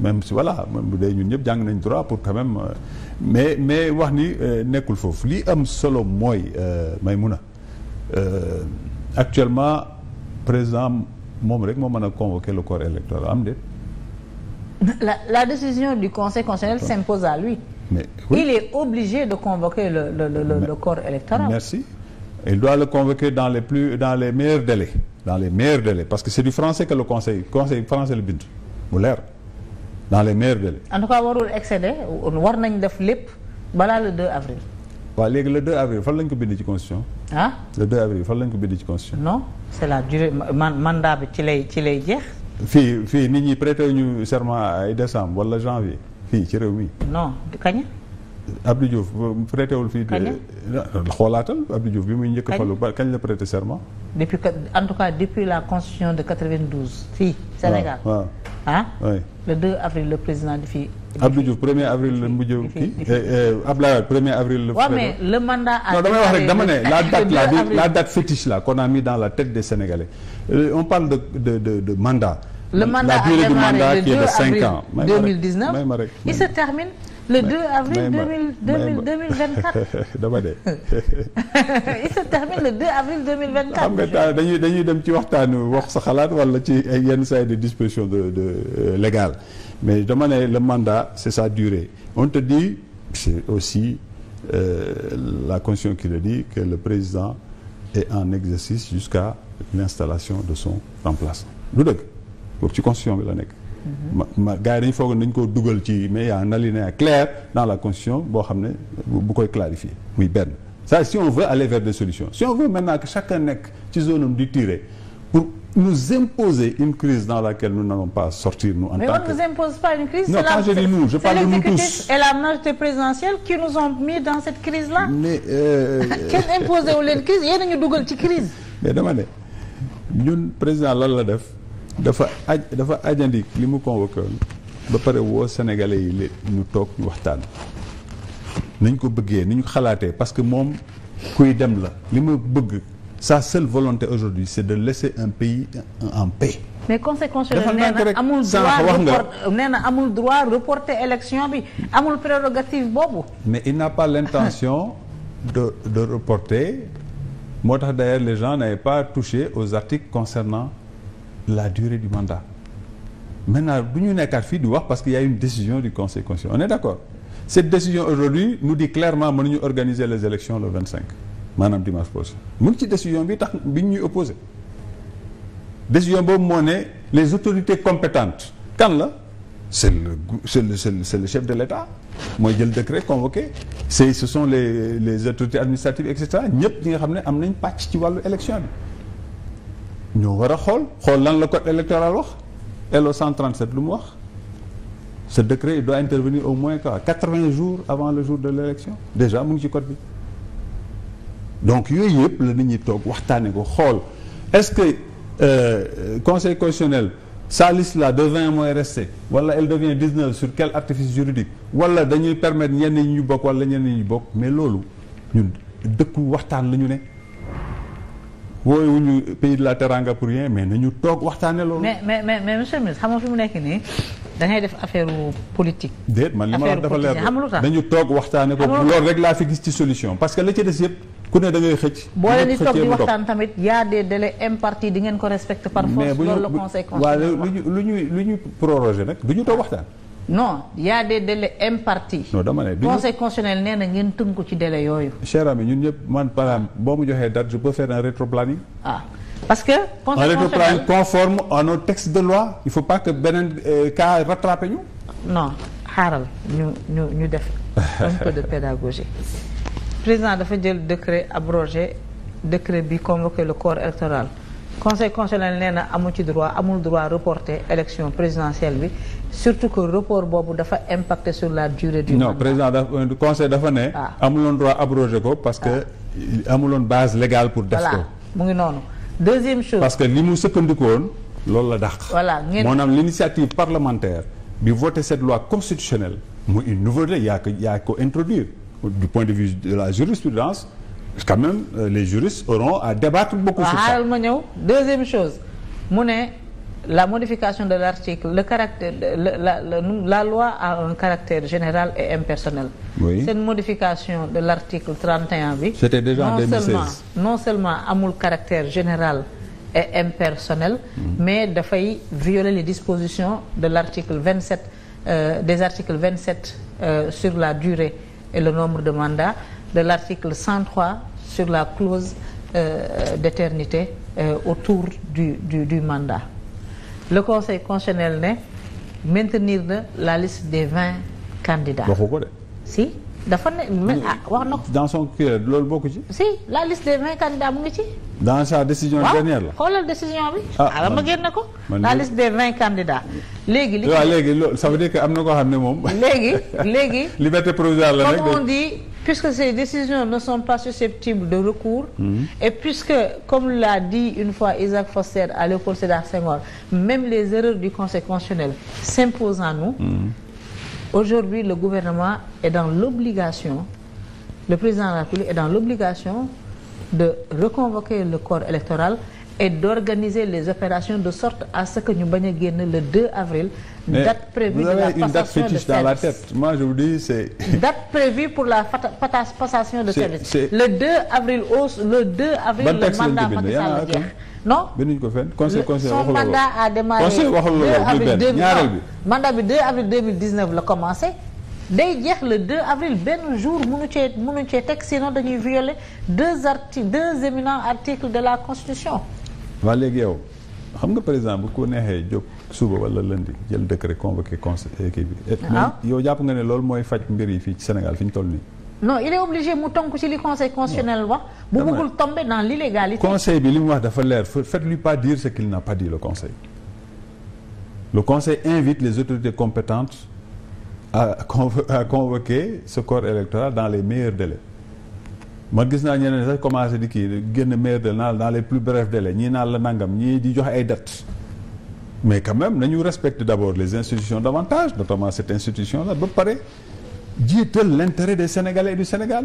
même si voilà même bu dee ñun ñëpp jàng nañ droit pour quand même euh, mais mais wax ni euh, nekkul foofu li am solo mooy may euh, mun Maïmouna actuellement président moom rek moo mën a convoquer le corps électoral am déet. la la décision du conseil constitutionnel s'impose à lui. mais oui. il est obligé de convoquer le le le, le, le corps électoral. merci il doit le convoquer dans les plus dans les meilleurs délais dans les meilleurs délais parce que c'est du français que le conseil conseil français le bind mu leer. dans les meilleurs délais. en tout cas warul excéder war nañ def lépp balaa le 2 avril. waaw léegi le 2 avril fan lañ ko bind ci constitution. ah le 2 avril fan lañ ko bind ci constitution. non c'est la durée mandat bi ci lay ci lay jeex. fii fii nit ñi prêter ñu serment ay décembre wala janvier fii ci réew mi. non kañ. Abdou Diouf prêter wul fii. kañ xoolaatal Abdou bi muy njëkk a falu ba kañ la prêter serment. depuis en tout cas depuis la constitution de 92. fii Sénégal ah oui le 2 avril le président di fi. Abdou Diouf 1er avril la mujjee kii eh, eh, Abdoulaye avril. la waaw le mandat. non damay wax rek dama ne la date là la date fétiche là mis dans la tête des Sénégalais euh, on parle de de de de mandat. le mandat a la durée du mandat qui est de ans. may ma il se termine. le 2 avril 2000 il se termine le avril 2024. xam nga dañuy dañuy dem ci waxtaan wax sa xalaat wala ci yenn saa de disposition de de euh, mais dama le mandat c'est sa durée on te dit c'est aussi euh, la constitution qui le dit que le président est en exercice jusqu'à l'installation de son remplaçant. du dëgg pour ci constitution bi la nekk. ma ma gars yi dañu foog dañ koo dugal ci mais y a un alinéa dans la constitution boo xam ne bu koy clarifier muy benn ça si on veut aller vers des solutions si on veut maintenant que chacun nekk ci zone am di tirer pour nous imposer une crise dans laquelle nous n'allons pas sortir nous en mais tant que mais on ne nous impose pas une je dis nous je parle de tous c'est la majorité présidentielle qui nous ont mis dans cette crise là. mais euh, kenn imposé wu leen crise yéen a ñu dugal ci crise. mais dama ne ñun président lan la def. dafa aj dafa ajandi li mu convoqué ba pare woo sénégalais yi li ñu toog ñu waxtaan nañ ko bëggee ni ñu xalaatee parce que moom kuy dem la li ma bëgg sa seule volonté aujourd'hui c'est de laisser un pays en paix mais conséquence nee na amul droit nee na amul droit reporter élection bi amul prérogative boobu mais il n'a pas l'intention de reporter moo tax d'ailleurs les gens n'avaient pas touché aux articles concernant la durée du mandat maintenant du ñu nekkaat fii di wax parce qu'il y une décision du conséquence constitutionnel on est d'accord cette décision aujourd'hui nous dit clairement mënuñu organiser les élections le 25 maanaam dimanche prochain mu ngi ci décision bi tax bi ñuy opposé décision boobu moo ne les autorités compétentes kan la c'est le le c'est le, c'est le chef de l'État mooy jël décret convoqué c'est ce sont les les autorités administratives et cetera ñëpp ñi nga xam ne am nañ pàcc ci wàllu élection bi ñoo war a xool xool lan la code électoral wax LO 137 lu mu wax ce décret il doit intervenir au moins quoi vingt jours avant le jour de l'élection déjà mu ngi ci code bi donc yooyu yëpp la nit ñi toog waxtaane ko xool est-ce que euh, conseil constitutionnel sa liste là de 20 mooy resté wala elle devient 19 sur quel artifice juridique wala dañuy permettre ñenn ñi ñu bokk wala ñenn ñi ñu bokk mais loolu ñun dëkku waxtaan la ñu ne woowuñu pays de la teranga pour rien mais nañu toog waxtaane loolu. mais mais mais monsieur le ministre fi mu nekk nii da ngay def affaire politique. déet man li ma wax dafa leer dañu toog waxtaane ko loolu rek laa fi gis ci solution parce que la ci des yëpp ku ne da ngay xëcc. boo leen di toog di waxtaan tamit y a des délais impartis di ngeen ko respecter par force. loolu la conseil constitutionnel mais bu ñu lu ñu lu ñu proroger nag du ñu toog waxtaan. non y a des délais impartis. non dama ne conseil constitutionnel nee na ngeen ko ci délai yooyu. cher ami ñun ñëpp man par boo mu joxee date je peux faire un rétroplanning. ah parce que. conseil constitutionnel un rétroplanning conforme à nos textes de loi. il faut pas que beneen euh, cas rattrapé ñu. non xaaral ñu ñu def un peu de pédagogie président dafa jël décret abrogé décret bi convoqué le corps électoral. conseil constitutionnel nee na amu ci droit amul droit reporter élection présidentielle bi surtout que report boobu dafa impacter sur la durée du. non président dafa euh, conseil dafa ne. Ah. amuloon droit abroger ko parce que ah. amuloon base légale pour. def mu ngi noonu. deuxième chose parce que li mu sëkkandikoon loolu la dàq. voilà ngeen maanaam l'initiative parlementaire bi voter cette loi constitutionnelle mu une nouveauté yaa ko yaa ko introduire du point de vue de la jurisprudence quand même euh, les juristes auront à débattre beaucoup sur mu ne la modification de l'article le caractère la la, loi a un général et impersonnel oui. cette modification de l'article bi c'était déjà en 2016 non seulement amul caractère général et impersonnel mm. mais dafay violer les dispositions de l'article 27 euh, des articles 27 euh, sur la durée le nombre de mandats de l'article 103 sur la clause euh, d'éternité euh, autour du, du, du mandat le conseil constitutionnel ne maintenir na la liste des vingt candidats. waxu ko de. si dafa ne ah, wax na ko. dans son curé loolu bokku ci. si la liste des vingt candidats mu ngi ci. dans sa décision dernière la xoolal décision bi. ah, ah ma génne ko. la liste des vingt candidats. léegi li waaw léegi loolu ça veut dire que am na koo xam ne moom. léegi léegi. liberté provisoire la nag comme on dit. puisque ces décisions ne sont pas susceptibles de recours mmh. et puisque comme l'a dit une fois Isaac Foster à Léopold Sédar Senghor même les erreurs du Conseil constitutionnel s'imposent à nous mmh. aujourd'hui le gouvernement est dans l'obligation le président de la République est dans l'obligation de reconvoquer le corps électoral et d'organiser les opérations de sorte à ce ñu bañ a génn le 2 avril. Mais date prévue de la passation de service dans la tête moi je vous c'est. date prévue pour la passation de service. le 2 avril au le 2 avril. le mandat Macky Sall ah, jeex non binduñu ko fenn conseil conseil waxuloo mandat a démarré. conseil waxuloo ko du benn ñaareel bi mandat bi 2 avril la commencé. day jeex le 2 avril benn jour mënu cee mënu cee teg sinon dañuy violer deux articles deux éminents articles de la constitution. waa léegi yow xam nga par exemple ku neexee jóg suba wala lundi jël décret convoqué conseil eh, kii bi. Eh, ah. yow jàpp nga ne loolu mooy faj mbir yi fii ci Sénégal fi ñu toll nii. non il est obligé mu tonk ci li conseil constitutionnel wax. bu bëggul tomber dans l'illégalité. conseil bi li mu wax dafa leer faites-lui pas dire ce qu'il n'a pas dit le conseil. le conseil invite les autorités compétentes à convo à convoquer ce corps électoral dans les meilleurs délais. ma gis naa ñeneen sax commencé di kii génn maire de naan dans les plus brefs délais ñii naan la nangam ñii di jox ay dettes mais quand même nañu respecte d'abord les institutions davantage notamment cette institution la ba pare jiital l'intérêt des Sénégalais et du Sénégal